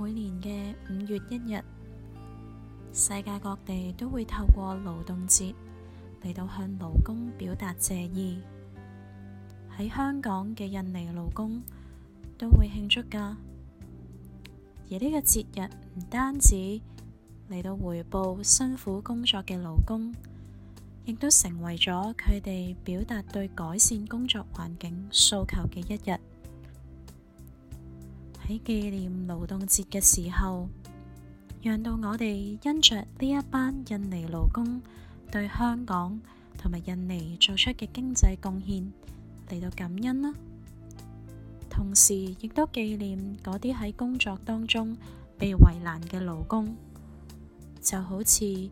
每年嘅五月一日，世界各地都會透過勞動節嚟到向勞工表達謝意。喺香港嘅印尼勞工都會慶祝㗎。而呢個節日唔單止嚟到回報辛苦工作嘅勞工，亦都成為咗佢哋表達對改善工作環境訴求嘅一日。喺紀念勞動節嘅時候，讓到我哋因着呢一班印尼勞工對香港同埋印尼做出嘅經濟貢獻嚟到感恩啦。同時亦都紀念嗰啲喺工作當中被為難嘅勞工，就好似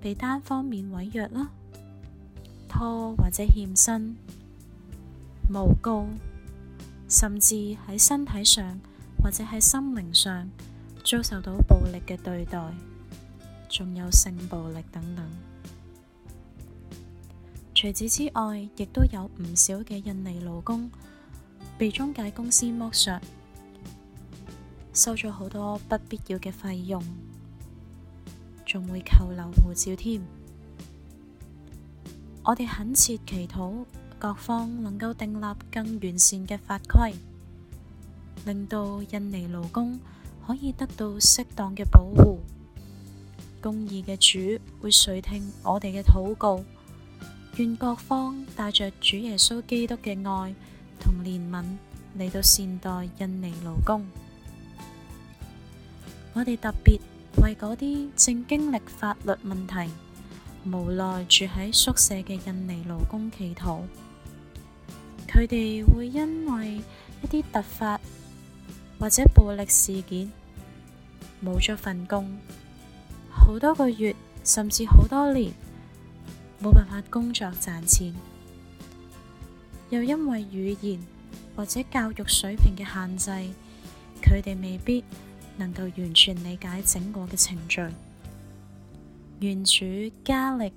被單方面毀約啦，拖或者欠薪、誣告，甚至喺身體上。或者喺心靈上遭受到暴力嘅對待，仲有性暴力等等。除此之外，亦都有唔少嘅印尼勞工被中介公司剝削，收咗好多不必要嘅費用，仲會扣留護照添。我哋懇切祈禱各方能夠訂立更完善嘅法規。令到印尼勞工可以得到適當嘅保護，公義嘅主會垂聽我哋嘅禱告。願各方帶着主耶穌基督嘅愛同憐憫嚟到善待印尼勞工。我哋特別為嗰啲正經歷法律問題、無奈住喺宿舍嘅印尼勞工祈禱。佢哋會因為一啲突發，或者暴力事件，冇咗份工，好多個月甚至好多年，冇辦法工作賺錢，又因為語言或者教育水平嘅限制，佢哋未必能夠完全理解整個嘅程序。願主加力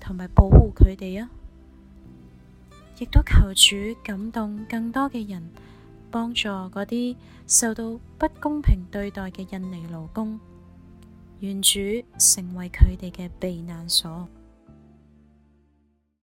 同埋保護佢哋啊！亦都求主感動更多嘅人，幫助嗰啲受到不公平對待嘅印尼勞工，願主成為佢哋嘅避難所。